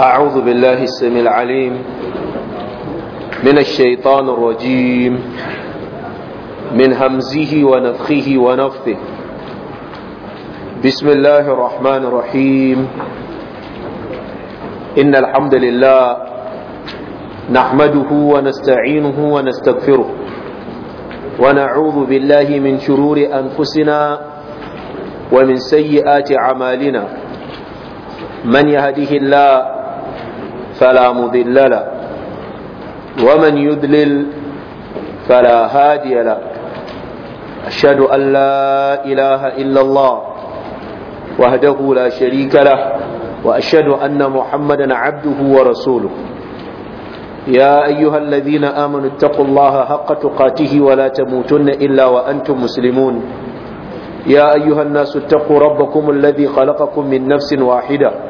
أعوذ بالله السميع العليم من الشيطان الرجيم من همزه ونفخه ونفثه بسم الله الرحمن الرحيم إن الحمد لله نحمده ونستعينه ونستغفره ونعوذ بالله من شرور أنفسنا ومن سيئات أعمالنا من يهده الله فلا مضل له ومن يدلل فلا هادي له أشهد أن لا إله إلا الله وحده لا شريك له وأشهد أن محمدا عبده ورسوله يا أيها الذين آمنوا اتقوا الله حق تقاته ولا تموتن إلا وأنتم مسلمون يا أيها الناس اتقوا ربكم الذي خلقكم من نفس واحدة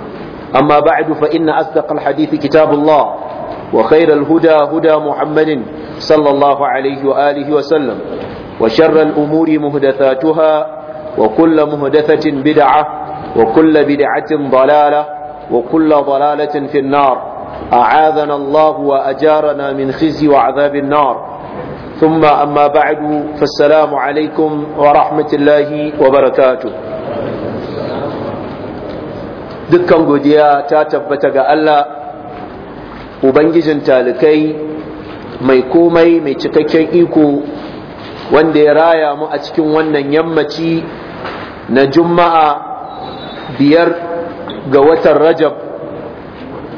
أما بعد فإن أصدق الحديث كتاب الله وخير الهدى هدى محمد صلى الله عليه وآله وسلم وشر الأمور مهدثاتها وكل مهدثة بدعة وكل بدعة ضلالة وكل ضلالة في النار أعاذنا الله وأجارنا من خزي وعذاب النار ثم أما بعد فالسلام عليكم ورحمة الله وبركاته dukkan godiya ta tabbata ga Allah ubangijin talikai mai komai mai cikakken iko wanda ya raya mu a cikin wannan yammaci na juma'a biyar ga watan rajab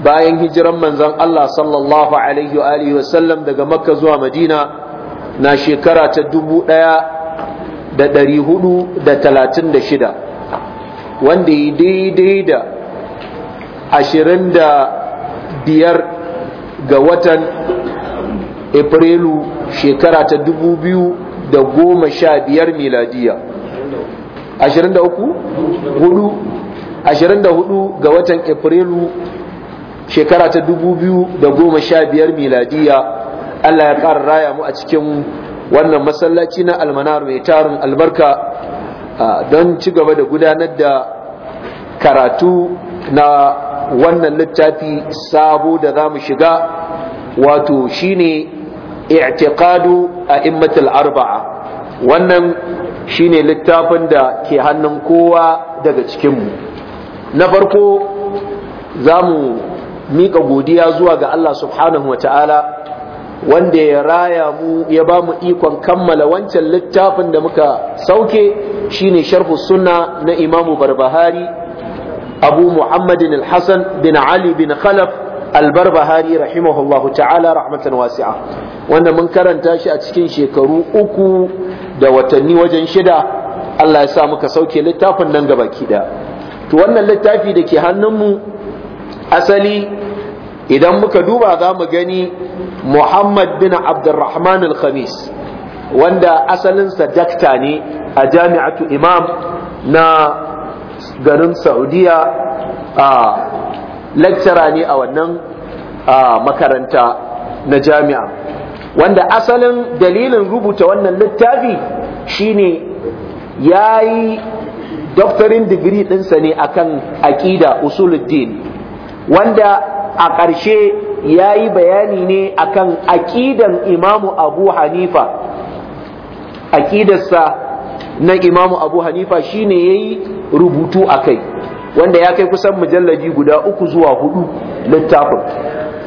bayan hijiran manzon Allah sallallahu alaihi wa alihi wasallam daga makka zuwa madina na shekara ta dubu ɗaya da ɗari hudu da talatin da shida wanda yi daidai da ashirin da biyar ga watan Afrilu shekara ta dubu biyu da goma sha biyar miladiya ashirin da uku hudu ashirin da hudu ga watan Afrilu shekara ta dubu biyu da goma sha biyar miladiya Allah ya ƙara raya mu a cikin wannan masallaci na almanar mai tarin albarka don ci gaba da gudanar da karatu na wannan littafi sabo da za mu shiga wato shine i'tiqadu immatul arba'a wannan shine littafin da ke hannun kowa daga cikinmu na farko za mu miƙa godiya zuwa ga Allah subhanahu wa ta'ala wanda ya raya mu ya ba mu ikon kammala wancan littafin da muka sauke shine sharhu sunna na imamu barbahari abu muhammadin al bin ali bin khalaf albarbahari rahimahullahu ta'ala rahmatan wasi'a wanda mun karanta shi a cikin shekaru uku da watanni wajen shida Allah ya sa muka sauke littafin nan gaba daya to wannan littafi da ke hannunmu asali idan muka duba za mu gani Muhammad bin Abdurrahman al-Khamis wanda asalinsa dakta ne a jami'atu imam na garin saudiya a lecturer ne a wannan makaranta na jami'a wanda asalin dalilin rubuta wannan littafi shine ya yi doctorin digiri ɗinsa ne akan aƙida usuluddin wanda a ƙarshe ya yi bayani ne akan aƙidan imamu abu hanifa aƙidarsa na imamu abu hanifa shine ya yi rubutu a kai wanda ya kai kusan mujalladi guda uku zuwa hudu littafin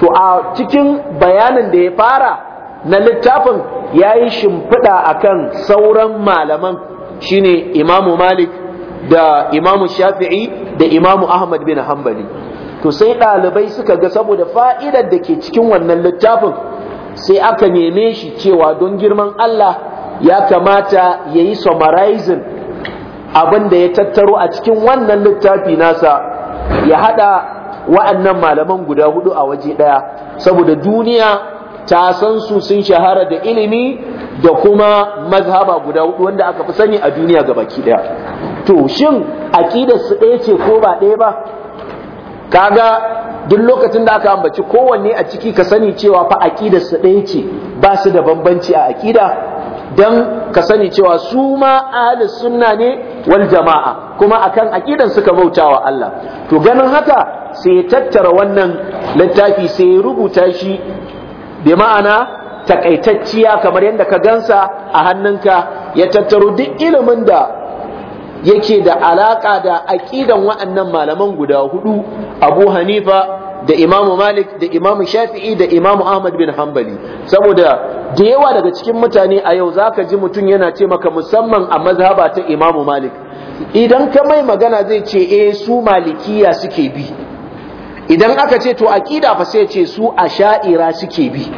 to a cikin bayanin da ya fara na littafin ya yi shimfiɗa akan sauran malaman shine imamu malik da imamu shafi'i da imamu ahmad bin hambali to sai ɗalibai suka ga saboda fa'idar da ke cikin wannan littafin sai aka neme shi cewa don girman allah ya kamata ya yi summarizing abin da ya tattaro a cikin wannan littafi nasa ya hada wa'annan malaman guda hudu a waje daya saboda duniya ta san su sun shahara da ilimi da kuma mazhaba guda hudu wanda aka fi sani a duniya ga baki daya to shin aqidar su ɗaya ce ko ba ɗaya ba kaga duk lokacin da aka ambaci kowanne a ciki ka sani cewa fa aqidar su ɗaya ce ba su da bambanci a aqida dan ka sani cewa su ma ahlus sunna ne wal jama'a kuma akan aqidan suka bauta wa Allah to ganin haka sai ya tattara wannan littafi sai ya rubuta shi bi ma'ana takaitacciya kamar yadda ka gansa a hannunka ya tattaro duk ilimin da yake da alaka da aqidan wa'annan malaman guda hudu Abu Hanifa da Imam Malik da Imam Shafi'i da Imam Ahmad bin Hanbali saboda da yawa daga cikin mutane a yau zaka ji mutum yana ce maka musamman a mazhaba ta Imam Malik idan ka mai magana zai ce eh su malikiya suke bi idan aka ce to aqida fa sai ce su asha'ira suke bi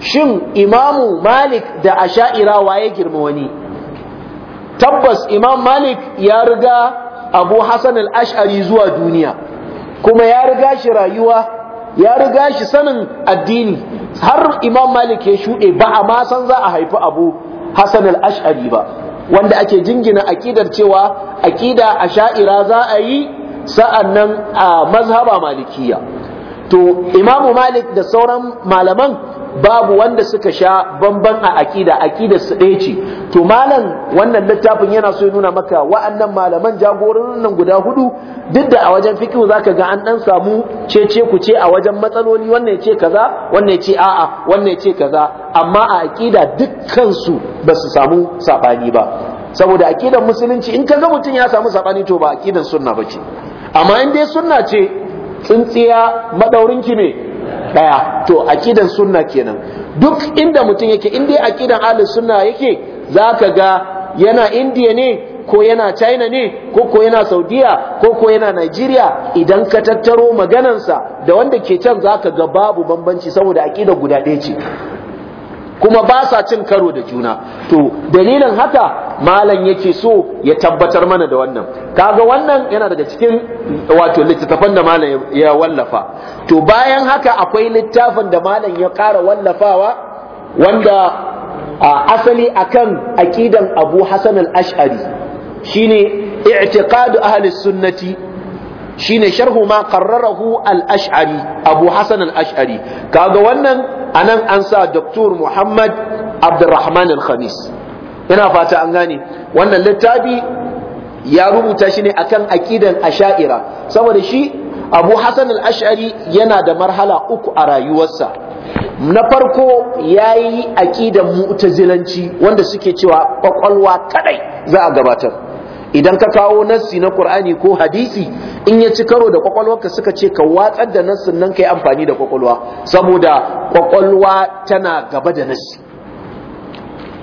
shin Imam Malik da asha'ira waye girma wani tabbas Imam Malik ya riga Abu Hassan al-Ash'ari zuwa duniya kuma ya riga shi rayuwa ya riga shi sanin addini har imam malik ya shuɗe ba a ma san za a haifi abu Hassan al-ash'ari ba wanda ake jingina aƙidar cewa aƙida a sha'ira za a yi sa'annan a mazhaba malikiya to imamu malik da sauran malaman babu wanda suka sha bamban a aƙida. akida su ɗaya ce to malam wannan littafin yana so ya nuna maka wa'annan malaman jagororin nan guda hudu duk da a wajen fikihu zaka ga an dan samu cece ku ce a wajen matsaloli wannan ce kaza wannan ce a'a wannan ce kaza amma a aƙida dukkan su ba su samu saɓani ba saboda akidan musulunci in ka ga mutum ya samu saɓani, to ba akidan sunna ba ce. amma in dai sunna ce tsintsiya madaurinki ne daya to aqidan sunna kenan duk inda mutum yake in dai aqidan ahlus sunna yake zaka ga yana indiya ne ko yana china ne ko ko yana saudiya ko ko yana nigeria idan ka tattaro maganansa da wanda ke can zaka ga babu bambanci saboda aqida guda ɗaya ce kuma ba sa cin karo da juna to dalilin haka malam yake so ya tabbatar mana da wannan kaga wannan yana daga cikin wato littattafan da malam ya wallafa to bayan haka akwai littafin da malam ya ƙara wallafawa wanda a asali akan aqidan Abu Hasan al-Ash'ari shine i'tiqad ahli sunnati shine sharhu ma qarrarahu al-Ash'ari Abu Hasan al-Ash'ari kaga wannan A nan an sa Dr. Muhammad Abdulrahman Al-Khamis ina fata an gane wannan littafi ya rubuta shi ne akan aqidan asha'ira saboda shi Abu Hassan al-Ash'ari yana da marhala uku a rayuwarsa na farko yayi aqidan mu'tazilanci wanda suke cewa kwakwalwa kadai za a gabatar idan ka kawo nassi na Qur'ani ko hadisi in ya ci karo da kwakwalwarka suka ce ka watsar da nassin nan kai amfani da kwakwalwa saboda kwakwalwa tana gaba da nassi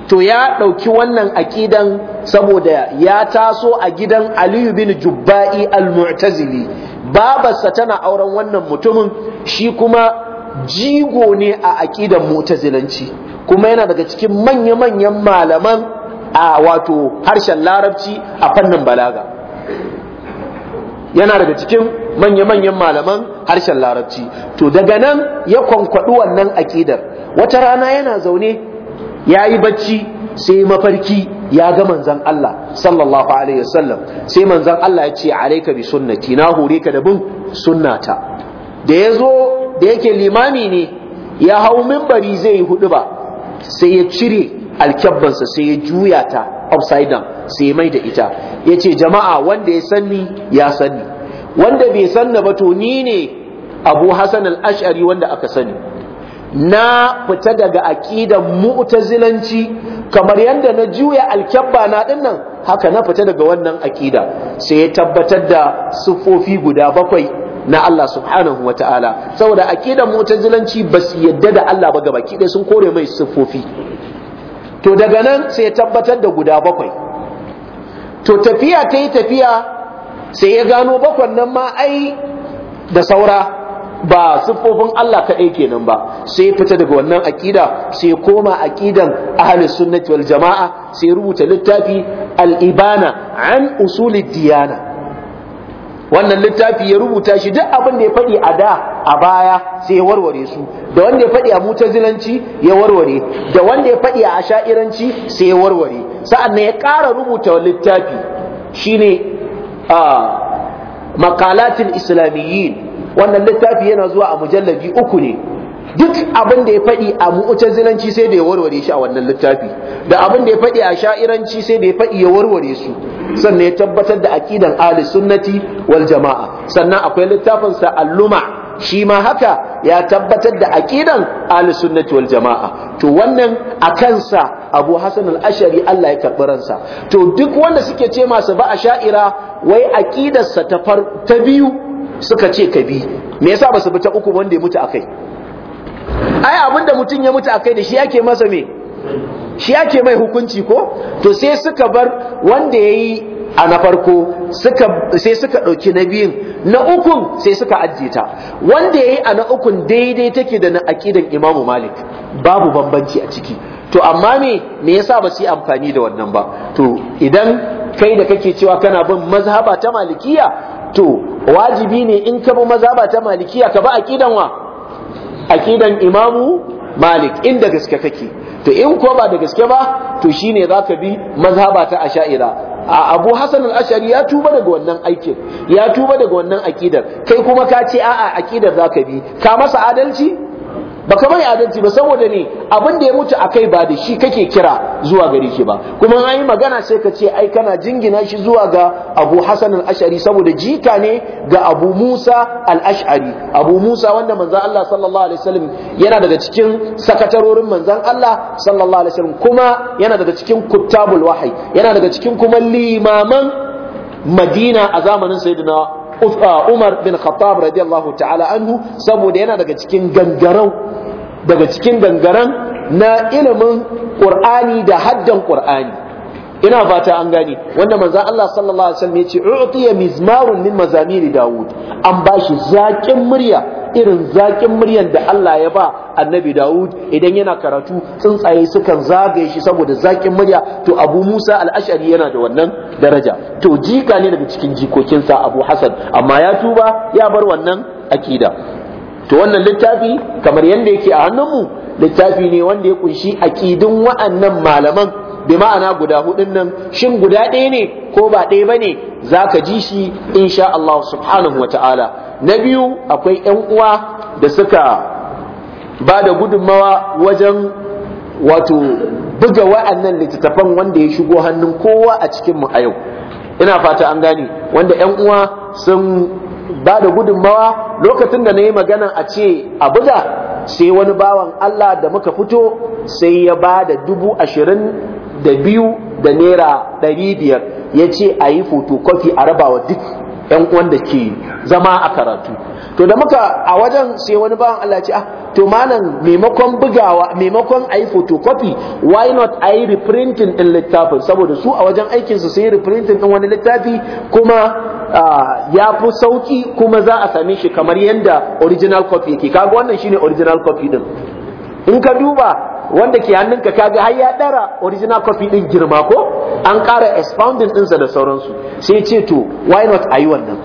to ya ɗauki wannan aƙidan saboda ya taso a gidan Aliyu bin Jubba'i al-Mu'tazili babarsa tana auren wannan mutumin shi kuma jigo ne a aƙidan mu'tazilanci kuma yana daga cikin manya-manyan malaman a wato harshen larabci a fannin balaga yana daga cikin manya-manyan malaman harshen larabci to daga nan ya kwankwaɗu wannan aƙidar wata rana yana zaune ya yi bacci sai mafarki ya ga manzan Allah sallallahu alaihi wasallam sai manzan Allah ya ce alaika bi sunnati na hore ka da bin sunnata da ya zo da yake limami ne ya hau mimbari zai yi hudu ba sai ya cire alkyabbansa sai ya juya ta upside down sai ya mai da ita ya ce jama'a wanda ya sanni ya sanni wanda bai sanna ba to ni ne abu hasan al-ash'ari wanda aka sani na fita daga aƙidan mu'tazilanci kamar yadda na juya alkyabba na dinnan haka na fita daga wannan aƙida sai ya tabbatar da siffofi guda bakwai na Allah subhanahu wa ta'ala saboda aƙidan mu'tazilanci ba su yadda da Allah ba gaba ɗaya sun kore mai siffofi to daga nan sai ya tabbatar da guda bakwai to tafiya ta yi tafiya sai ya gano bakwan nan ma ai da saura ba siffofin Allah kaɗai kenan ba sai ya fita daga wannan aƙida sai koma aƙidan ahli sunnati wal jama'a sai rubuta littafi al-ibana an usulid diyana wannan littafi ya rubuta shi duk abin da ya faɗi a da a baya sai ya warware su da wanda ya faɗi a mutazilanci ya warware da wanda ya faɗi a asha'iranci sai ya warware sa'an ya ƙara rubuta littafi shine makalatin islamiyyin wannan littafi yana zuwa a mujallabi uku ne duk abin da ya faɗi a zinanci sai da ya warware shi a wannan littafi da abin da ya faɗi a sha'iranci sai da ya faɗi ya warware su sannan ya tabbatar da aqidan ahli sunnati wal jama'a sannan akwai littafin sa al shi ma haka ya tabbatar da aqidan ahli sunnati wal jama'a to wannan a kansa Abu Hassan al-Ashari Allah ya karɓi ransa to duk wanda suke ce masa ba a sha'ira wai aqidarsa ta ta biyu suka ce ka bi me yasa ba su bi ta uku wanda ya mutu akai ai abinda mutum ya mutu akai da shi yake masa me shi yake mai hukunci ko to sai suka bar wanda yayi a na farko suka sai suka dauki na biyun na uku sai suka ajiye ta wanda yayi a na ukun daidai take da na aqidan Imam Malik babu bambanci a ciki to amma me me yasa ba su yi amfani da wannan ba to idan kai da kake cewa kana bin mazhaba ta malikiya to wajibi ne in ka bi mazhaba ta malikiya ka bi aqidan wa akidan imamu malik inda gaske kake to in ko ba da gaske ba to shine zaka bi mazhaba ta asha'ira a abu hasan al-ashari ya tuba daga wannan aikin ya tuba daga wannan akidar kai kuma ka ce a'a akidar zaka bi ka masa adalci baka bari adalci ba saboda ne abin da ya mutu akai ba da shi kake kira zuwa gare shi ba kuma an yi magana sai ka ce ai kana jingina shi zuwa ga Abu Hassan al-Ash'ari saboda jika ne ga Abu Musa al-Ash'ari Abu Musa wanda manzon Allah sallallahu alaihi wasallam yana daga cikin sakatarorin manzon Allah sallallahu alaihi wasallam kuma yana daga cikin kuttabul wahyi yana daga cikin kuma limaman Madina a zamanin Sayyidina uh, Umar bin Khattab radiyallahu ta'ala anhu saboda yana daga cikin gangarau daga cikin dangaren na ilimin ƙur'ani da haddan ƙur'ani ina fata an gane wanda manzan Allah sallallahu alaihi wasallam yace u'tiya mizmarun min mazamiri Dawud. an bashi zakin murya irin zakin muryan da Allah ya ba annabi Dawud idan yana karatu tsuntsaye sukan zagaye shi saboda zakin murya to Abu Musa al-Ash'ari yana da wannan daraja to jika ne daga cikin jikokinsa Abu Hassan amma ya tuba ya bar wannan akida to wannan littafi kamar yadda yake a hannunmu littafi ne wanda ya kunshi aqidun wa'annan malaman bi ma'ana guda hudun nan shin guda ɗaya ne ko ba ɗaya bane zaka ji shi insha Allah subhanahu wata'ala na biyu akwai ƴan uwa da suka ba da gudunmawa wajen wato buga wa'annan littattafan wanda ya shigo hannun kowa a cikin mu a yau ina fata an gane wanda ƴan uwa sun ba da gudunmawa lokacin da na yi magana a ce abuja sai wani bawan Allah da muka fito sai ya ba da dubu ashirin da biyu da naira ɗari biyar ya ce a yi fotokofi a rabawa duk ‘yan wanda ke zama a karatu to da muka a wajen sai wani bawan Allah ce ah to malam maimakon bugawa maimakon a yi photocopy why not a yi reprinting din littafin saboda su a wajen aikinsu su yi reprinting din wani littafi kuma ya fi sauki kuma za a same shi kamar yadda original copy yake kaga wannan shine original copy din in ka duba wanda ke hannunka kaga har ya dara original copy din girma ko an ƙara expounding ɗinsa da sauransu sai ce to why not a yi wannan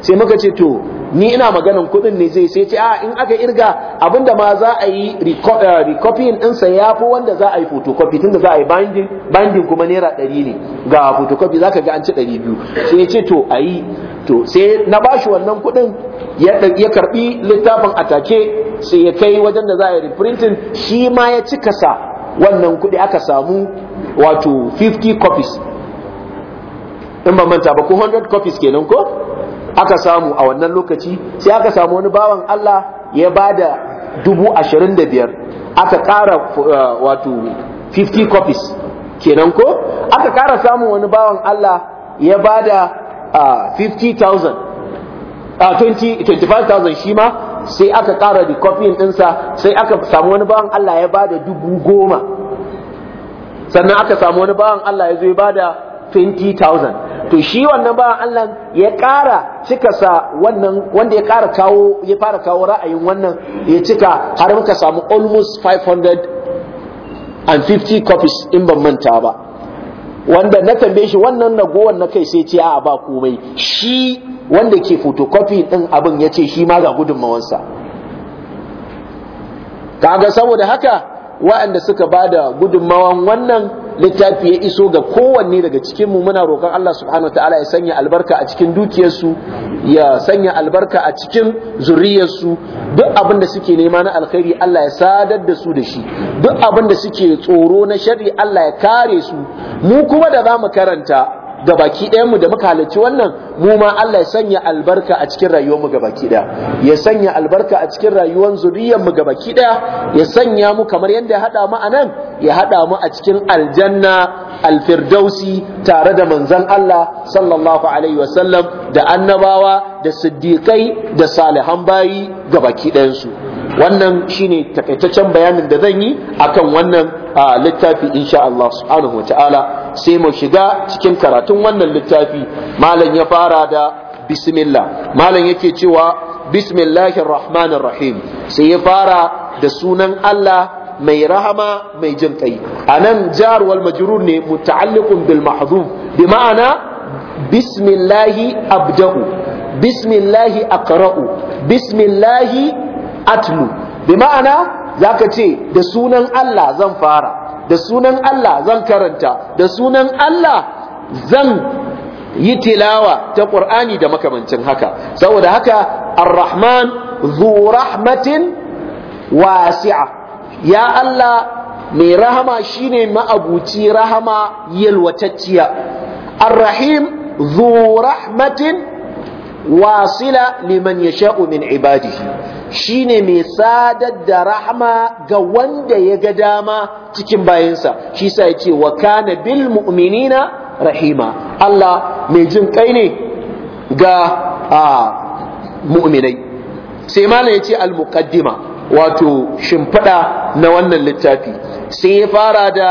sai muka ce to ni ina maganan kuɗin ne zai sai ce a ah, in aka irga abinda ma za a yi eh, recopying ɗinsa ya fi wanda za a yi photocopy tunda za a yi binding binding kuma naira ɗari ne ga photocopy za ka ga an ci ɗari biyu sai ce to a yi to sai na bashi wannan kuɗin ya karbi littafin atake sai ya kai wajen da za a yi reprinting shi ma ya cika sa wannan kuɗi aka samu wato 50 copies in ba manta ba ko 100 copies kenan ko aka samu a wannan lokaci sai aka samu wani bawan Allah ya ba da dubu ashirin da biyar aka ƙara eh, wato 50 copies kenan ko aka ƙara samun wani bawan Allah ya ba da 50,000 25,000 shi ma sai aka ƙara da kofin ɗinsa sai aka samu wani bawan Allah ya ba da dubu goma sannan aka samu wani bawan Allah ya zo ya ba da 20,000 to shi wannan ba Allah ya ƙara cika sa wannan wanda ya ƙara kawo ya fara kawo ra'ayin wannan ya cika har muka samu almost 550 copies in ban manta ba wanda na tambaye shi wannan ragowar na kai sai ce a ba komai shi wanda ke photocopy din abin ya ce shi ma ga gudunmawansa kaga saboda haka wa'anda suka ba da gudunmawan wannan littafi ya iso ga kowanne daga cikin mu muna roƙon Allah subhanahu wataala ya sanya albarka a cikin dukiyarsu ya sanya albarka a cikin su duk abin da suke nema na alkhairi Allah ya sadar da su da shi duk abin da suke tsoro na sharri Allah ya kare su mu kuma da zamu karanta ga baki ɗayan mu da muka halarci wannan mu ma Allah ya sanya albarka a cikin rayuwar mu ga baki ɗaya ya sanya albarka a cikin rayuwar zuriyar mu ga baki ɗaya ya sanya mu kamar yadda ya haɗa mu nan, ya haɗa mu a cikin aljanna alfirdausi tare da manzon Allah sallallahu alaihi wasallam da annabawa da siddiƙai da salihan bayi ga baki ɗayansu wannan shine takaitaccen bayanin da zan yi akan wannan littafi insha Allah subhanahu wa ta'ala sai mu shiga cikin karatun wannan littafi malam ya fara da bismillah malam yake cewa bismillahir rahmanir rahim sai ya fara da sunan Allah mai rahama mai jin kai anan jar wal majrur ne muta'alliqun bil mahdhuf bi ma'ana bismillahi abda'u bismillahi aqra'u bismillahi atlu bi ma'ana zaka ce da sunan Allah zan fara da sunan Allah zan karanta da sunan Allah zan yi tilawa ta Qur'ani da makamancin haka saboda haka Ar-Rahman zu rahmatin wasi'a ya Allah mai rahama shine ma'abuci rahama yalwatacciya Ar-Rahim zu rahmatin wasila liman yasha'u min ibadihi Shi ne mai sadar da rahama ga wanda ya ga dama cikin bayansa shi sa ce wa kana bil mu'minina rahima Allah mai jin kai ne ga mu'minai sai malam ce al muqaddima wato shimfiɗa na wannan littafi sai ya fara da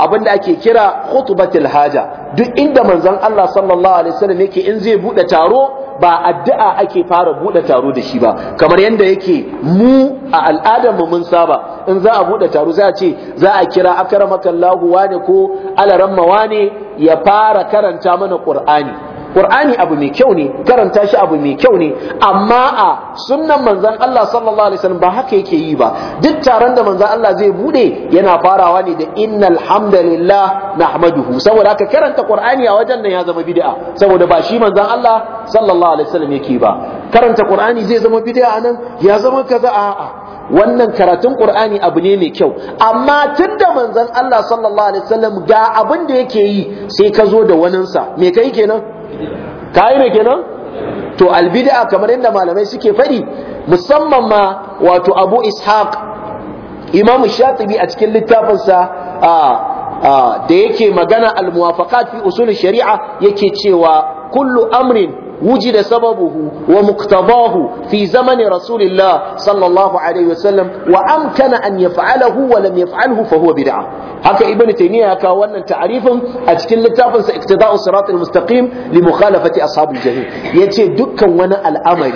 abin da ake kira khutbatul haja duk inda manzon Allah sallallahu alaihi wasallam yake in zai bude taro ba addu'a ake fara buɗe taro da shi ba kamar yadda yake mu a al'adar mu mun saba in za a buɗe taro za a ce za a kira akramakallahu wane ko alaramma wane ya fara karanta mana qur'ani Qur'ani abu mai kyau ne karanta shi abu mai kyau ne amma a sunnan manzon Allah sallallahu alaihi wasallam ba haka yake yi ba duk taron da manzan Allah zai bude yana farawa ne da innal hamdalillah nahmaduhu saboda haka karanta Qur'ani a wajen nan ya zama bid'a saboda ba shi manzan Allah sallallahu alaihi wasallam yake ba karanta Qur'ani zai zama bid'a nan ya zama kaza a'a wannan karatun Qur'ani abu ne mai kyau amma tunda manzon Allah sallallahu alaihi wasallam ga abin da yake yi sai ka zo da waninsa me kai kenan ka yi kenan to albid'a kamar yadda malamai suke faɗi musamman ma wato abu ishaq imamu shatibi a cikin littafinsa da yake magana al-muwafaqat fi usul shari'a yake cewa kullu amrin وجد سببه ومقتضاه في زمن رسول الله صلى الله عليه وسلم وأمكن أن يفعله ولم يفعله فهو بدعة هكا ابن تيمية هكا وانا تعريفا أتكل لتافا ساقتداء الصراط المستقيم لمخالفة أصحاب الجحيم يتي دكا وانا الأمر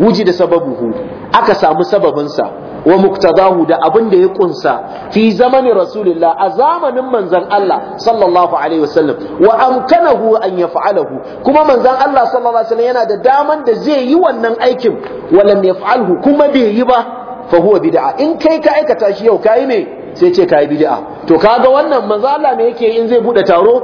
وجد سببه أكا سامو سببا سا wa muktadahu da abin da ya kunsa fi zamanin rasulillah a zamanin manzon Allah sallallahu alaihi wasallam wa amkanahu an yaf'alahu kuma manzon Allah sallallahu alaihi wasallam yana da daman da zai yi wannan aikin walam yaf'alhu kuma bai yi ba fa huwa bid'a in kai ka aikata shi yau kai me sai ce kai bid'a to kaga wannan manza Allah me yake in zai bude taro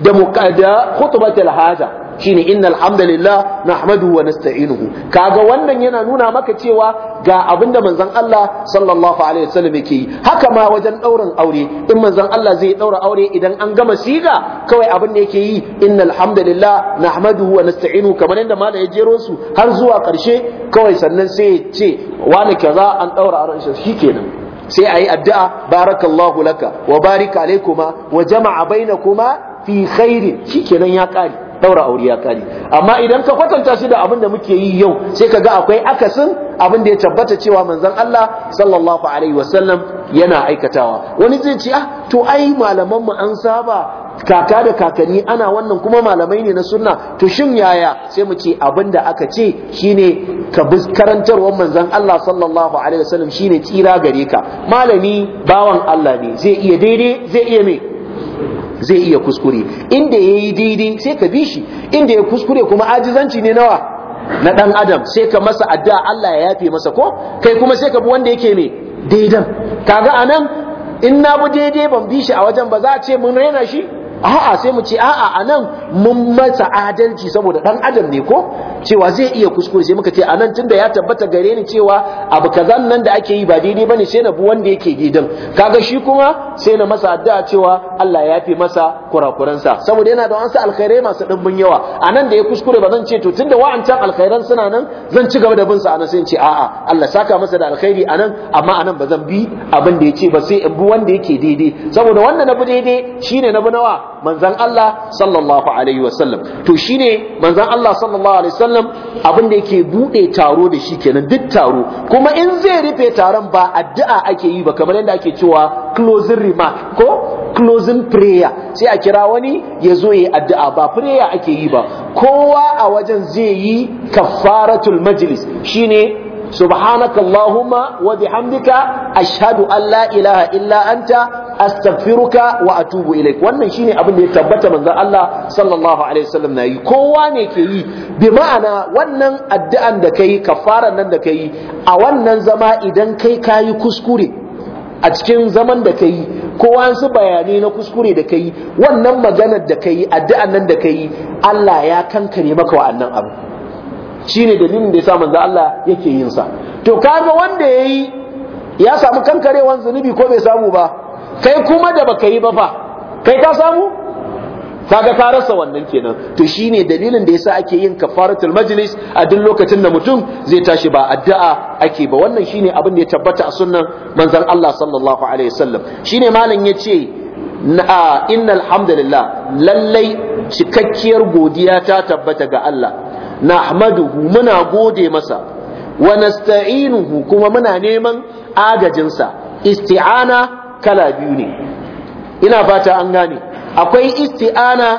da muqadda khutbatul haja shine innal hamdalillah nahmaduhu wa nasta'inuhu kaga wannan yana nuna maka cewa ga abinda manzon Allah sallallahu alaihi wasallam yake yi haka ma wajen daurin aure in manzon Allah zai daura aure idan an gama siga kawai abin da yake yi innal hamdalillah nahmaduhu wa nasta'inuhu kamar yadda malam ya jero su har zuwa karshe kawai sannan sai ya ce wani kaza an daura aure shikenan sai ayi addu'a barakallahu laka wa barika alaikuma wa jama'a bainakuma fi khairin shikenan ya kare daura aure ya kare amma idan ka kwatanta shi da abin da muke yi yau sai ka ga akwai akasin abin da ya tabbata cewa manzon Allah sallallahu alaihi wasallam yana aikatawa wani zai ce ah to ai malaman mu an saba kaka da kakanni ana wannan kuma malamai ne na sunna to shin yaya sai mu ce abin da aka ce shine ka bi karantarwar manzon Allah sallallahu alaihi wasallam shine tsira gare ka malami bawan Allah ne zai iya daidai zai iya me zai iya kuskure inda ya yi daidai sai ka bi shi inda ya kuskure kuma ajizanci ne nawa na ɗan adam sai ka masa addu'a Allah ya yafe masa ko kai kuma sai ka bi wanda yake ne daidan kaga anan in na bi daidai ban bi shi a wajen ba za a ce mun raina shi a'a sai mu ce a'a anan mun masa adalci saboda dan adam ne ko cewa zai iya kuskure sai muka ce anan tunda ya tabbata gare ni cewa abu kazan nan da ake yi ba daidai bane sai na bu wanda yake gidan kaga shi kuma sai na masa addu'a cewa Allah ya fi masa sa saboda yana da wasu alkhairai masu dimbin yawa anan da ya kuskure ba zan ce to tunda wa'ancan alkhairan suna nan zan ci gaba da bin sa anan sai in ce a'a Allah saka masa da alkhairi anan amma anan ba zan bi abin da ya ce ba sai in bu wanda yake daidai saboda wanda na bu daidai shine na bu nawa manzan Allah sallallahu alaihi wasallam to shine manzan Allah sallallahu alaihi wasallam abin da yake bude taro da shi kenan duk taro kuma in zai rufe taron ba addu'a ake yi ba kamar yadda ake cewa closing remark ko closing prayer sai a kira wani ya zo yi addu'a ba prayer ake yi ba kowa a wajen zai yi kafaratul majlis shine subhanakallahumma wa bihamdika ashhadu an la ilaha illa anta astaghfiruka wa atubu ilaik wannan shine abin da ya tabbata manzon Allah sallallahu alaihi wasallam na yi kowa ne ke yi bi ma'ana wannan addu'an da kai kafaran nan da kai a wannan zama idan kai kayi kuskure a cikin zaman da kai ko wasu bayanai na kuskure da kai wannan maganar da kai addu'an nan da kai Allah ya kankare maka wa'annan abu shine dalilin da yasa manzo Allah yake yin sa to kaga wanda yayi ya samu kankarewan zunubi ko bai samu ba kai kuma da baka yi ba fa kai ka samu kaga ka rasa wannan kenan to shine dalilin da yasa ake yin kafaratul majlis a duk lokacin da mutum zai tashi ba addu'a ake ba wannan shine abin da ya tabbata a sunnan manzon Allah sallallahu alaihi wasallam shine malam yace na innal hamdalillah lallai cikakkiyar godiya ta tabbata ga Allah nahmaduhu muna gode masa wa nasta'inuhu kuma muna neman agajinsa isti'ana kala biyu ne ina fata an gane akwai isti'ana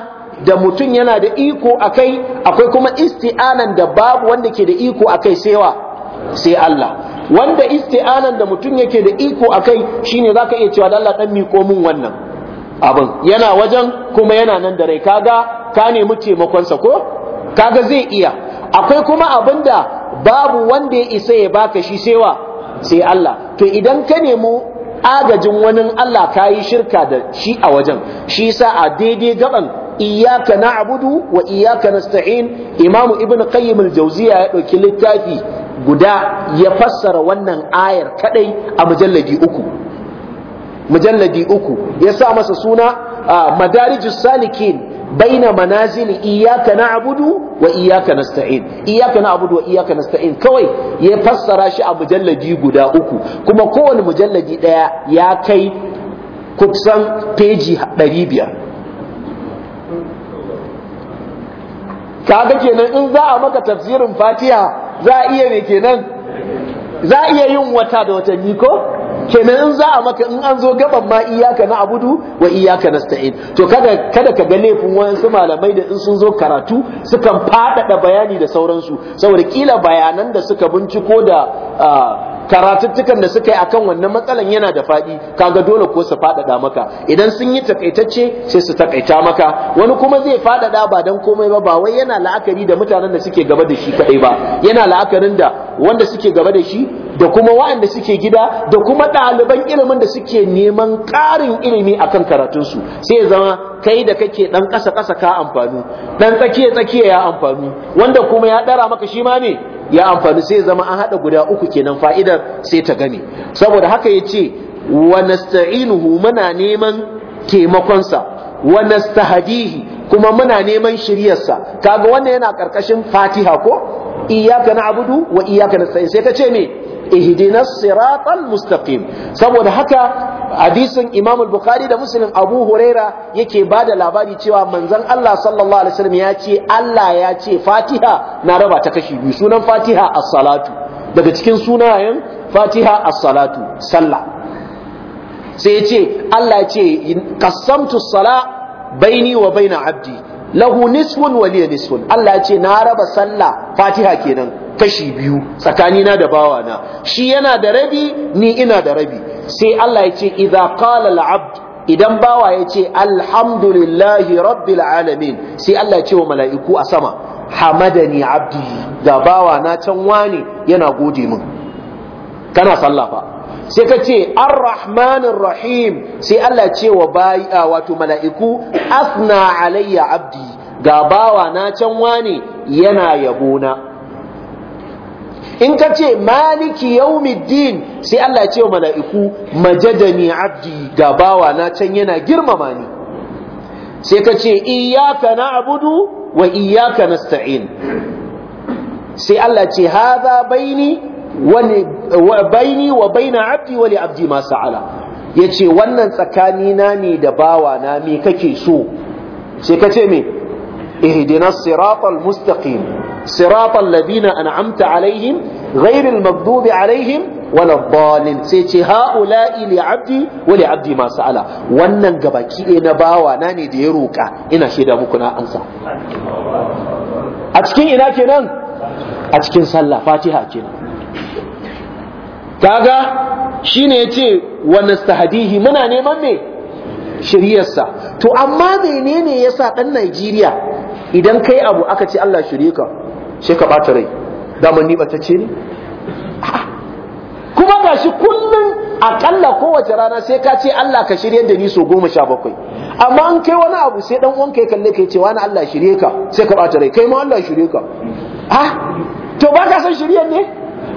da mutum yana da iko akai akwai kuma isti'anan da babu wanda ke da iko akai sewa sai Allah wanda isti'anan da mutum yake da iko akai shine zaka iya cewa Allah dan miko min wannan abin yana wajen kuma yana nan da rai kaga ka nemi taimakon sa ko kaga zai iya akwai kuma da babu wanda ya isa ya baka shi sewa sai Allah to idan ka nemi agajin wani Allah ka yi shirka da shi a wajen shi yasa a daidai gaban na abudu wa na sta'in imamu ibnu qayyim al Jauziya ya ɗauki littafi guda ya fassara wannan ayar kadai a mujalladi uku mujalladi uku ya sa masa suna ah, madarijus salikin baina manazili iyyaka na'budu wa iyyaka nasta'in iyyaka na'budu wa iyyaka nasta'in kawai ya fassara shi a mujalladi guda uku kuma kowane mujalladi daya ya kai kusan peji biyar. kaga kenan in za a maka tafsirin Fatiya za za a iya yin wata da watanni ko kenan in za a maka in an zo gaban ma iyaka na abudu wa iyaka nasta'in to kada kada ka ga laifin wasu malamai da in sun zo karatu sukan faɗaɗa bayani da sauransu saboda kila bayanan da suka binciko da karatuttukan da suka yi akan wannan matsalan yana da faɗi kaga dole ko su faɗaɗa maka idan sun yi takaitacce sai su takaita maka wani kuma zai faɗaɗa ba dan komai ba ba wai yana la'akari da mutanen da suke gaba da shi kaɗai ba yana la'akarin da wanda suke gaba da shi da kuma waɗanda suke gida da kuma ɗaliban ilimin da suke neman ƙarin ilimi a kan karatunsu sai zama kai da kake ɗan ƙasa ƙasa ka amfanu ɗan tsakiya tsakiya ya amfanu wanda kuma ya ɗara maka shi ma ne ya amfani sai zama an haɗa guda uku kenan fa'idar sai ta gani, saboda haka ya ce wa nasta'inuhu muna neman taimakonsa wa kuma muna neman shiryarsa kaga wannan yana ƙarƙashin fatiha ko iyaka na abudu wa iyaka nasta'in sai ka ce me ihdinas siratal mustaqim saboda haka hadisin Imam al-Bukhari da Muslim Abu Huraira yake bada labari cewa manzon Allah sallallahu alaihi wasallam ya ce Allah ya ce Fatiha na raba ta kashi biyu sunan Fatiha as-salatu daga cikin sunayen Fatiha as-salatu sallah sai ya ce Allah ya ce qassamtu as-sala baini wa baina abdi lahu nisfun wa liya nisfun Allah ya ce na raba sallah Fatiha kenan kashi biyu tsakanina da bawana shi yana da rabi ni ina da rabi sai Allah ya ce idza qala al-abd idan bawa ya ce alhamdulillahi rabbil alamin sai Allah ya ce wa mala'iku a sama hamadani abdi ga na can wani yana gode min kana sallah fa sai ka ce arrahmanir rahim sai Allah ce wa bayi wato mala'iku asna alayya abdi ga bawa na can wane yana yabona in ka ce maliki yaumiddin sai Allah ya ce wa mala'iku majadani abdi ga bawa na can yana girmama ni sai ka ce iyyaka na'budu wa iyyaka nasta'in sai Allah ce hadha baini wa baini wa baina abdi wa li abdi ma sa'ala yace wannan tsakani na ne da bawa na me kake so sai ka ce me اهدنا الصراط المستقيم صراط الذين أنعمت عليهم غير المغضوب عليهم ولا الضالين سيتي هؤلاء لعبدي ولعبدي ما سألا wannan gabaki na bawa na ne da ya roƙa ina shaida muku na ansa a cikin ina kenan a cikin sallah fatiha kenan kaga shine yace wa nastahdihi muna neman me shiryarsa to amma menene yasa dan Najeriya idan kai abu aka ce Allah shirye ka sai ka bata rai damar ni ce ne kuma ga gashi kullun akalla kowace rana sai ka ce Allah ka shirye da ni so goma sha bakwai amma an kai wani abu sai dan uwanka ya kalle yi ce wani Allah shirye ka sai ka bata rai kai ma Allah shirye ka ha to ba ka san shirya ne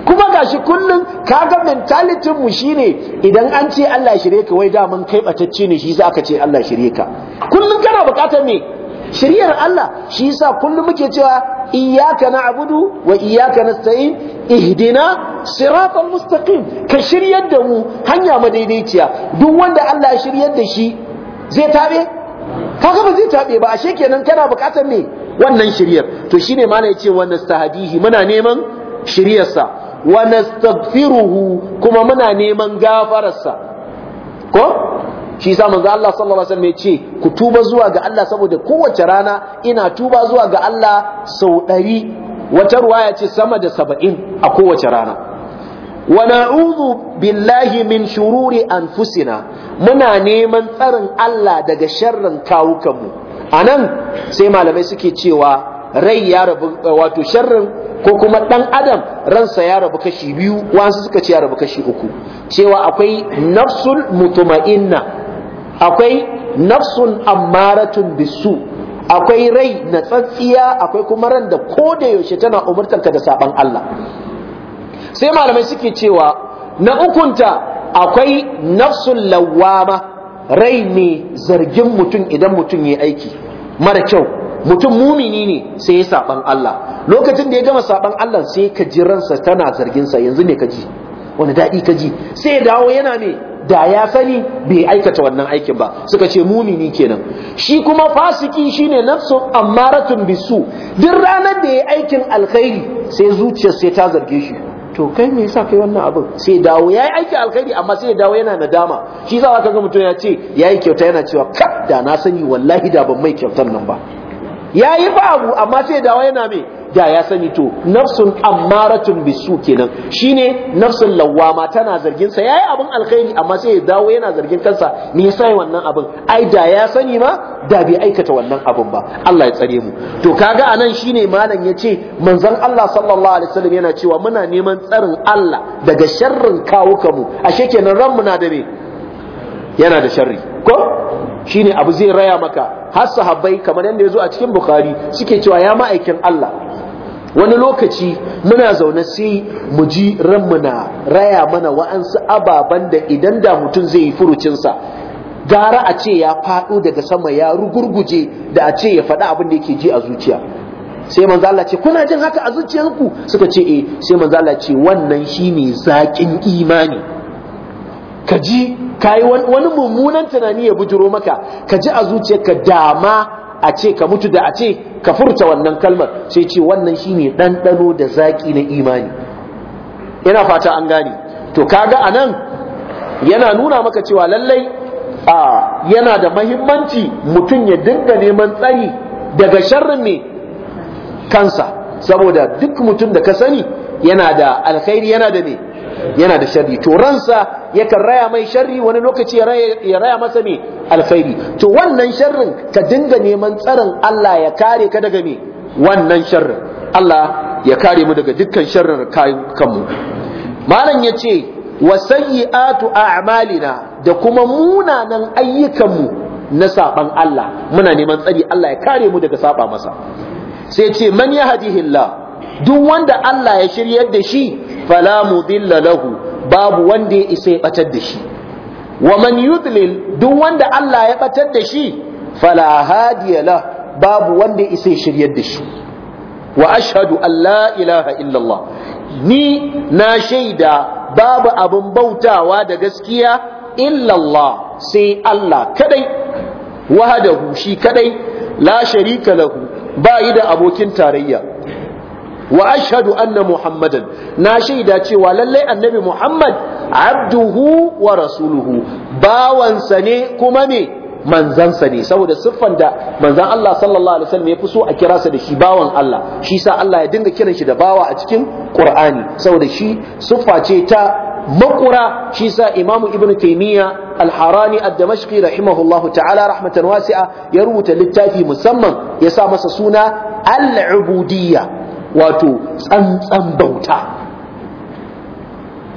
kuma ga kullum ka kaga mentalitin mu shine idan an ce Allah shirye ka wai mun kai batacce ne shi za ka ce Allah shirye ka kullum kana bukatar me shiryar Allah shi yasa kullum muke cewa iyyaka na'budu wa iyyaka nasta'in ihdina siratal mustaqim ka shiryar da mu hanya madaidaiciya duk wanda Allah ya shiryar da shi zai tabe kaga ba zai tabe ba ashe kenan kana bukatar me wannan shiryar to shine mana yace cewa nastahdihi muna neman shiryarsa wa nastaghfiruhu kuma muna neman gafararsa ko shi sa manzo Allah sallallahu alaihi wasallam ya ce ku tuba zuwa ga Allah saboda kowace rana ina tuba zuwa ga Allah sau ɗari wata ruwaya ce sama da saba'in a kowace rana wa na'udhu billahi min shururi anfusina muna neman tsarin Allah daga sharrin kawukanmu anan sai malamai suke cewa rai ya rabu wato sharrin ko kuma dan adam ransa ya rabu kashi biyu wasu suka ce ya rabu kashi uku cewa akwai nafsul mutuma'inna akwai nafsun ammaratun bisu akwai rai na tsatsiya akwai kuma ran da ko da yaushe tana ka da saban Allah sai malamai suke cewa na ukunta akwai nafsun lawama rai ne zargin mutum idan mutum ya aiki mara kyau mutum mumini ne sai ya saban Allah lokacin da ya gama saban Allah sai ka ji ransa tana zargin sa yanzu ne ka ji wani daɗi ka ji sai ya dawo yana ne da ya sani bai aikata wannan aikin ba suka ce mumini kenan shi kuma fasiki shine nafsu ammaratun bisu duk ranar da ya aikin alkhairi sai zuciyar sai ta zarge shi to kai me yasa kai wannan abin sai dawo yayi aiki alkhairi amma sai dawo yana nadama shi yasa zaka ga mutum ya ce yayi kyauta yana cewa kap na sani wallahi da ban mai kyautar nan ba ya yi fa abu amma sai dawa yana mai da ya sani to nafsun ammaratun bisu kenan shine nafsun lawama tana zargin sa yi abin alkhairi amma sai ya dawo yana zargin kansa me yasa yi wannan abin ai da ya sani ma da bai aikata wannan abin ba Allah ya tsare mu to kaga anan shine malam yace manzon Allah sallallahu alaihi wasallam yana cewa muna neman tsarin Allah daga sharrin kawukan mu ashe kenan ran muna da me yana da sharri ko shine abu zai raya maka har sahabbai kamar yadda ya zo a cikin bukhari suke cewa ya ma'aikin Allah wani lokaci muna zaune sai mu ji ranmu na raya mana wa'ansu ababen da idan da mutum zai yi furucinsa gara a ce ya faɗo daga sama ya rugurguje da a ce ya faɗi abin da yake ji a zuciya sai manzo Allah ce kuna jin haka a zuciyarku suka ce eh sai manzo Allah ce wannan shine zakin imani ka ji kayi wani mummunan tunani ya bujiro maka ka ji a ka dama a ce ka mutu da a ce ka furta wannan kalmar sai ce wannan shine ɗanɗano da zaƙi na imani ina fata an gane to kaga anan yana nuna maka cewa lallai a yana da mahimmanci mutum ya dinga neman tsari daga sharrin ne kansa saboda duk mutum da ka sani yana da alkhairi yana da ne yana da sharri to ransa yakan raya mai sharri wani lokaci ya raya masa mai alkhairi to wannan sharrin ka dinga neman tsarin Allah ya kare ka daga me wannan sharrin Allah ya kare mu daga dukkan sharrin kanmu malam ce, wa sayyi'atu a'malina da kuma munanan ayyukanmu na saban Allah muna neman tsari Allah ya kare mu daga saba masa sai ce man yahdihillah duk wanda Allah ya shiryar da shi fala mudilla lahu babu wanda ya isa ya batar da shi wa man yudlil duk wanda Allah ya batar da shi fala hadiya la babu wanda ya isa shiryar da shi wa ashhadu an la ilaha illallah ni na shaida babu abin bautawa da gaskiya illallah sai Allah kadai wahadahu shi kadai la sharika lahu ba yi da abokin tarayya wa ashhadu anna muhammadan na shaida cewa lallai annabi muhammad abduhu wa rasuluhu bawansa ne kuma me manzansa ne saboda siffan da manzan Allah sallallahu alaihi wasallam ya fi so a kira sa da shi bawan Allah shi sa Allah ya dinga kiran shi da bawa a cikin Qur'ani saboda shi siffa ce ta makura shi sa imamu ibn taymiya al-harani ad-damashqi rahimahullahu ta'ala rahmatan wasi'a ya rubuta littafi musamman ya sa masa suna al wato tsantsan bauta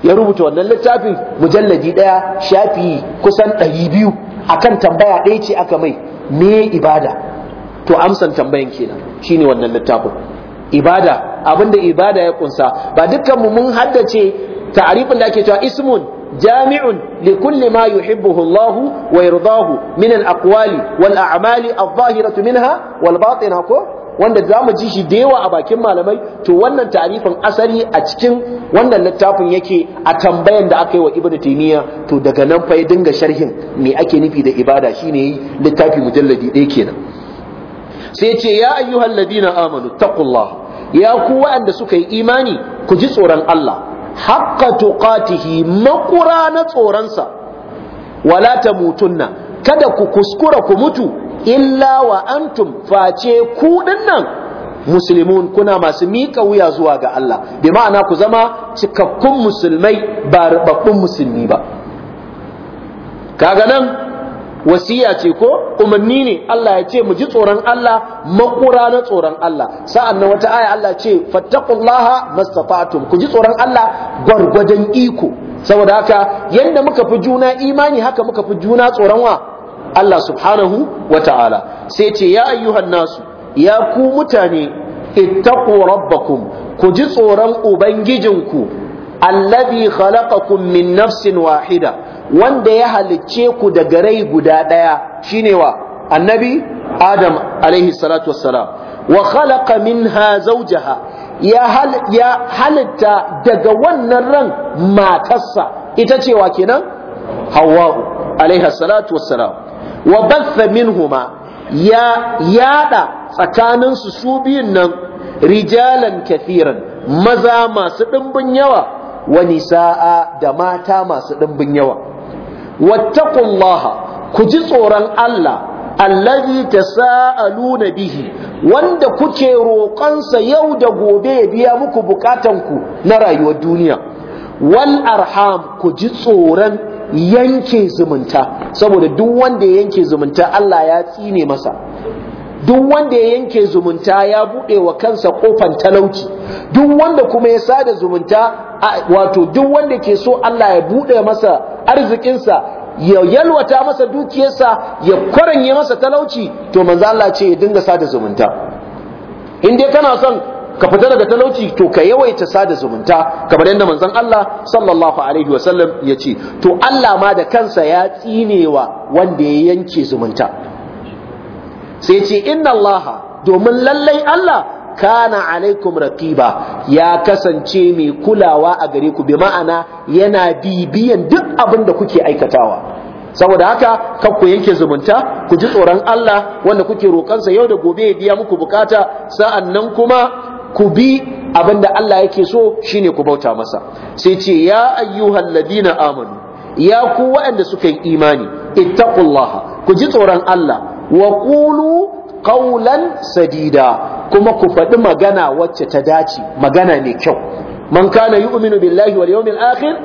ya rubuta wannan littafin mujallaji ɗaya shafi kusan ɗari biyu akan tambaya ɗaya ce aka mai me ibada to amsan tambayan kenan shine wannan littafin ibada abinda ibada ya kunsa ba dukkanmu mun haddace ta'arifin da ake cewa ismun jami'un kulli ma جامع لكل ما يحبه الله ويرضاه من الأقوال minha wal منها ko wanda za mu ji shi da yawa a bakin malamai to wannan tarifin asali a cikin wannan littafin yake a tambayan da aka yi wa ibnu taymiya to daga nan fa ya dinga sharhin me ake nufi da ibada shine littafi mujalladi ɗaya kenan sai ce ya ayyuhal ladina amanu taqullah ya ku waɗanda suka yi imani ku ji tsoron Allah haqqa tuqatihi makura na tsoronsa wala tamutunna kada ku kuskura ku mutu illa wa antum face ku dinnan musulmun kuna masu miƙa wuya zuwa ga Allah bi ma'ana ku zama cikakkun musulmai ba rubabbun musulmi ba kaga nan wasiya ce ko umarni ne Allah ya ce mu ji tsoron Allah makura na tsoron Allah sa'an nan wata aya Allah ce fattaqullaha mastata'tum ku ji tsoron Allah gwargwadon iko saboda haka yanda muka fi juna imani haka muka fi juna tsoron wa Allah subhanahu wa ta'ala sai ce ya ayyuhan nasu ya ku mutane ittaqu rabbakum ku ji tsoron ubangijinku alladhi khalaqakum min nafsin wahida wanda ya halicce ku daga rai guda ɗaya shine wa annabi adam alaihi salatu wassalam wa khalaqa minha zawjaha ya halitta daga wannan ran matarsa ita ce wa kenan hawwa'u alaiha salatu wassalam wa batha minhuma ya yada tsakanin su su biyun nan rijalan kathiran maza masu dimbin yawa wa nisaa da mata masu dimbin yawa wattaqullaha ku ji tsoron Allah allazi tasaaluna bihi wanda kuke roƙonsa yau da gobe ya biya muku bukatanku na rayuwar duniya wal arham ku ji tsoron yanke zumunta saboda duk wanda ya yanke zumunta Allah ya tsine masa duk wanda ya yanke zumunta ya buɗe wa kansa kofan talauci duk wanda kuma ya sada zumunta wato duk wanda ke so Allah ya buɗe masa arzikinsa ya yalwata masa dukiyarsa ya kwaranye masa talauci to manzo Allah ce ya dinga sada zumunta in dai kana son ka fita daga talauci to ka yawaita sada zumunta kamar yadda manzon Allah sallallahu alaihi sallam ya ce to Allah ma da kansa ya tsinewa wanda ya yanke zumunta sai ce inna Allah domin lallai Allah kana alaikum raqiba ya kasance mai kulawa a gare ku bi ma'ana yana bibiyan duk abin da kuke aikatawa saboda haka kan ku yanke zumunta ku ji tsoron Allah wanda kuke roƙansa yau da gobe ya biya muku bukata nan kuma ku bi abinda Allah yake so shine ku bauta masa sai ce ya ayyuhal ladina amanu ya ku waɗanda suka yi imani ittaqullaha ku ji tsoron Allah wa qulu qawlan sadida kuma ku faɗi magana wacce ta dace magana mai kyau man kana yu'minu billahi wal yawmil akhir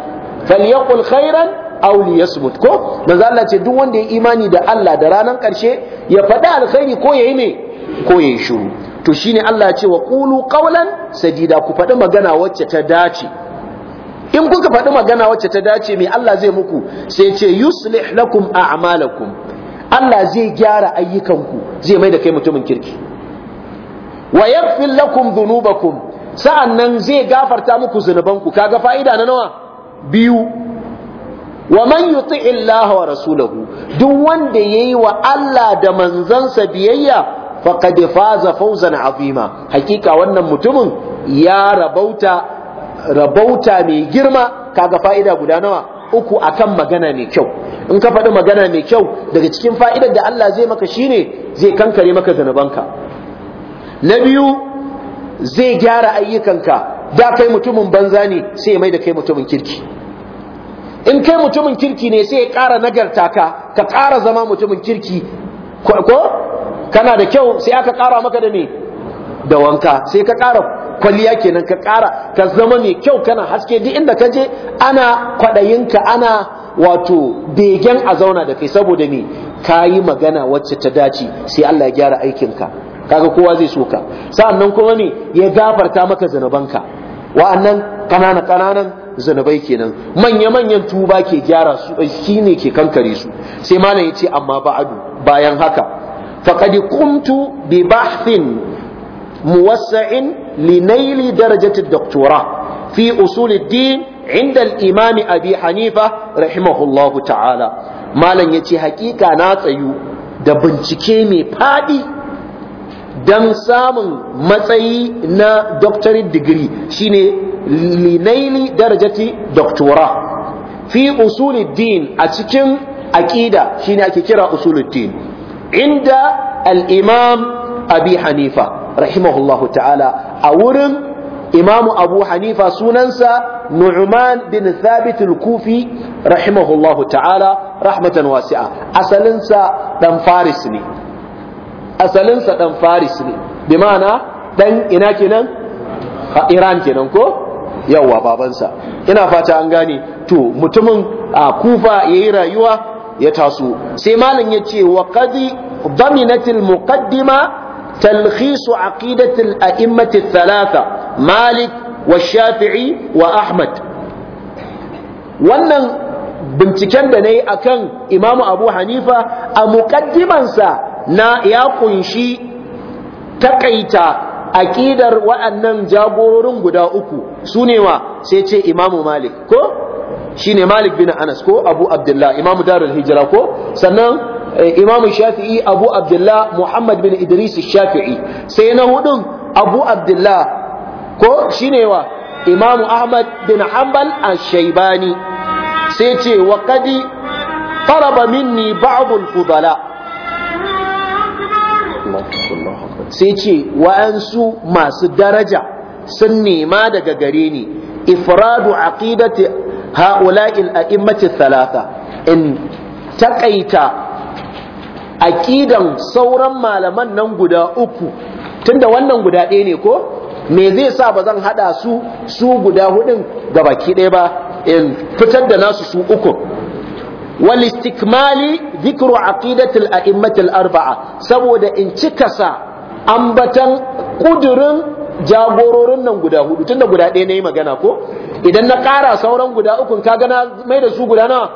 falyaqul khairan aw liyasmut ko manzo Allah ce duk wanda ya imani da Allah da ranar karshe ya faɗi alkhairi ko yayi ne ko yayi shiru to shine Allah ya ce wa qulu qawlan sadida ku faɗi magana wacce ta dace in kuka faɗi magana wacce ta dace mai Allah zai muku sai ce yuslih lakum a'malakum Allah zai gyara ayyukanku zai mai da kai mutumin kirki wa yaghfir lakum dhunubakum sa'annan zai gafarta muku zunubanku kaga fa'ida na nawa biyu wa man yuti Allah wa rasulahu duk wanda yayi wa Allah da manzansa biyayya faqad faza fawzan azima hakika wannan mutumin ya rabauta rabauta mai girma kaga fa'ida guda nawa uku akan magana mai kyau in ka faɗi magana mai kyau daga cikin fa'idar da Allah zai maka shine zai kankare maka zanubanka na biyu zai gyara ayyukanka da kai mutumin banza ne sai ya mai da kai mutumin kirki in kai mutumin kirki ne sai ya ƙara nagarta ka ka ƙara zama mutumin kirki ko kana da kyau sai aka kara maka da me da wanka sai ka kara kwalliya kenan ka ƙara ka zama mai kyau kana haske duk inda ka je ana kwaɗayinka ana wato begen a zauna da kai saboda me ka yi magana wacce ta dace sai Allah ya gyara aikinka kaga kowa zai so ka sa'annan kuma ne ya gafarta maka zanubanka wa'annan kanana kananan zanubai kenan manya manyan tuba ke gyara su ne ke kankare su sai malam ce amma ba'adu bayan haka فقد قمت ببحث موسع لنيل درجة الدكتوراه في أصول الدين عند الإمام أبي حنيفة رحمه الله تعالى ما لن يتي حقيقة ناتيو da bincike mai faɗi Dan samun matsayi na doctorate digiri shine linaili darajati doctora fi usulidin a cikin aƙida shine ake kira usuluddin inda al-imam abi hanifa rahimahullahu a wurin imamu abu hanifa sunansa nu'man bin thabit al ta'ala rahmatan wasi'a asalinsa dan faris ne asalinsa dan faris ne bi ma'ana dan ina kenan iran kenan ko yawa babansa ina fata an gane to mutumin a kufa yayi rayuwa ya taso sai malam ya ce wa qadi daminatil muqaddima talkhisu aqidatil a'immati thalatha malik wa shafi'i wa ahmad wannan binciken da nayi akan imamu abu hanifa a muqaddimansa na ya kunshi takaita aƙidar waɗannan jagororin guda uku su ne wa sai ce imamu malik ko shine Malik bin Anas ko Abu Abdullah Imam Darul Hijra ko sannan eh, Imam Shafi'i Abu Abdullah Muhammad bin Idris Shafi'i sai na hudun Abu Abdullah ko shine wa Imam Ahmad bin Hanbal Ash-Shaybani sai ce wa qadi faraba minni ba'd al-fudala sai ce wa'ansu masu daraja sun nema daga gare ni ifradu aqidati ha'ula'il a'immati talasa in takaita aqidan sauran malaman nan guda uku tunda wannan guda ɗaya ne ko me zai sa ba zan hada su su guda hudun ga baki ɗaya ba in fitar da nasu su uku wal istikmali dhikru aqidatil a'immatil arba'a saboda in cika sa ambatan kudurin jagororin nan guda hudu tunda guda ɗaya na yi magana ko idan na ƙara sauran guda ukun ka gana mai da su guda na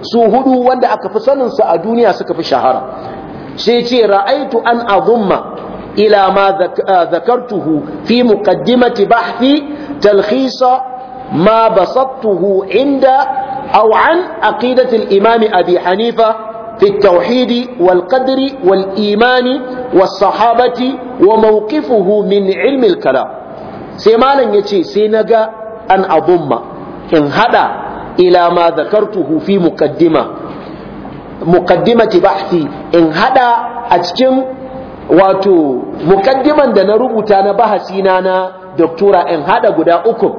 su hudu wanda aka fi sanin su a duniya suka fi shahara sai ce ra'aitu an azumma ila ma ah, zakartuhu fi muqaddimati bahthi talkhisa ma بسطته عند أو عن عقيدة الإمام abi hanifa في التوحيد والقدر والإيمان والصحابة وموقفه من علم الكلام سيمالا يتي سينجا أن أضم إن هذا إلى ما ذكرته في مقدمة مقدمة بحثي إن هذا أتكم واتو مقدما دنا ربطان بحثينا دكتورة إن هذا قد أكم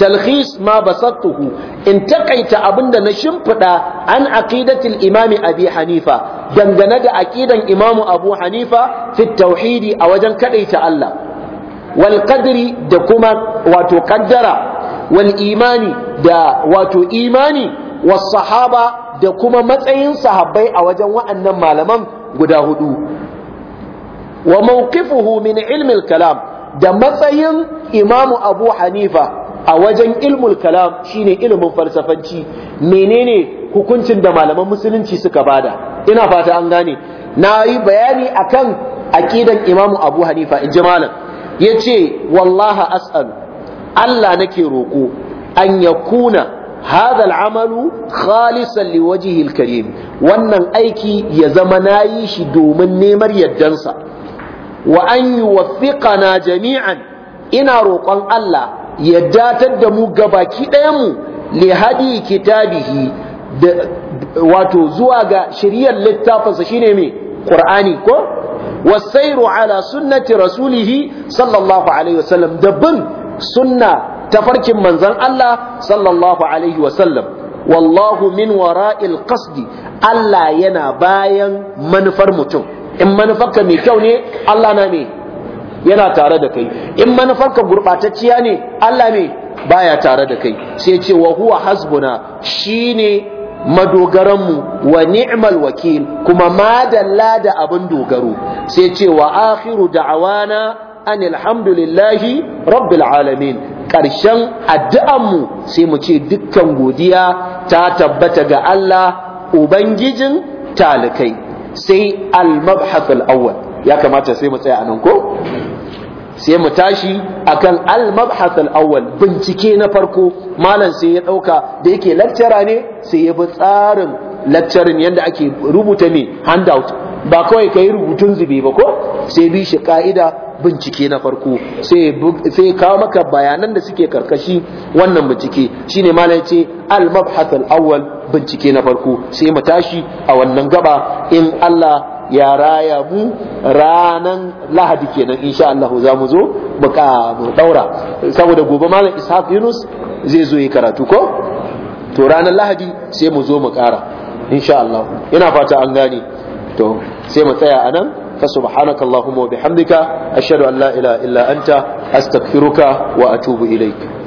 talkhis ma basattuhu in takaita abinda na shimfiɗa an aqidatil imami abi hanifa dangane da aƙidan imamu abu hanifa fi tauhidi a wajen kadaita Allah wal qadri da kuma wato kaddara wal da wato imani was sahaba da kuma matsayin sahabbai a wajen waɗannan malaman guda huɗu, wa mawqifuhu min ilmi al-kalam da matsayin imamu abu hanifa a wajen ilmul kalam shine ilimin falsafanci menene hukuncin da malaman musulunci suka bada ina fata an gane na yi bayani akan aqidan imamu abu hanifa in ji malam ya ce wallaha as'alu allah nake roƙo an ya kuna هذا العمل خالصا لوجهه الكريم wannan aiki ya zama nayi shi domin neman yaddansa wa an yuwaffiqana jami'an ina roƙon Allah ya datar da mu gabaki ɗayanmu li hadi kitabihi da wato zuwa ga shiryar littafinsa shine mai qur'ani ko wasairu ala sunnati rasulihi sallallahu alaihi wasallam da bin sunna tafarkin manzon Allah sallallahu alaihi wasallam wallahu min wara'il qasdi Allah yana bayan manufar mutum in manufarka mai kyau ne Allah na mai yana tare da kai in manufarka gurɓatacciya ne Allah ne baya tare da kai sai ce wa huwa hasbuna shine madogaranmu wa ni'mal wakil kuma madalla da abin dogaro sai ce wa akhiru da'awana an alhamdulillahi rabbil alamin karshen addu'anmu sai mu ce dukkan godiya ta tabbata ga Allah ubangijin talikai sai al-mabhath al-awwal ya kamata sai mu tsaya anan ko sai mu tashi akan al-mabhath al-awwal bincike na farko malam sai ya dauka da yake lecture ne sai ya bi tsarin ne yanda ake rubuta ne handout ba kawai kai rubutun zube ba ko sai bi shi ka'ida bincike na farko sai kawo maka bayanan da suke karkashi wannan bincike shine malam ya ce al-mabhath al-awwal bincike na farko sai mu tashi a wannan gaba in Allah ya raya mu ranan lahadi kenan insha Allah za mu zo mu daura saboda gobe malam Ishaq Yunus zai zo yi karatu ko to ranan lahadi sai mu zo mu kara insha Allah ina fata an gane to sai mu tsaya anan فسبحانك اللهم وبحمدك أشهد أن لا إله إلا أنت أستغفرك وأتوب إليك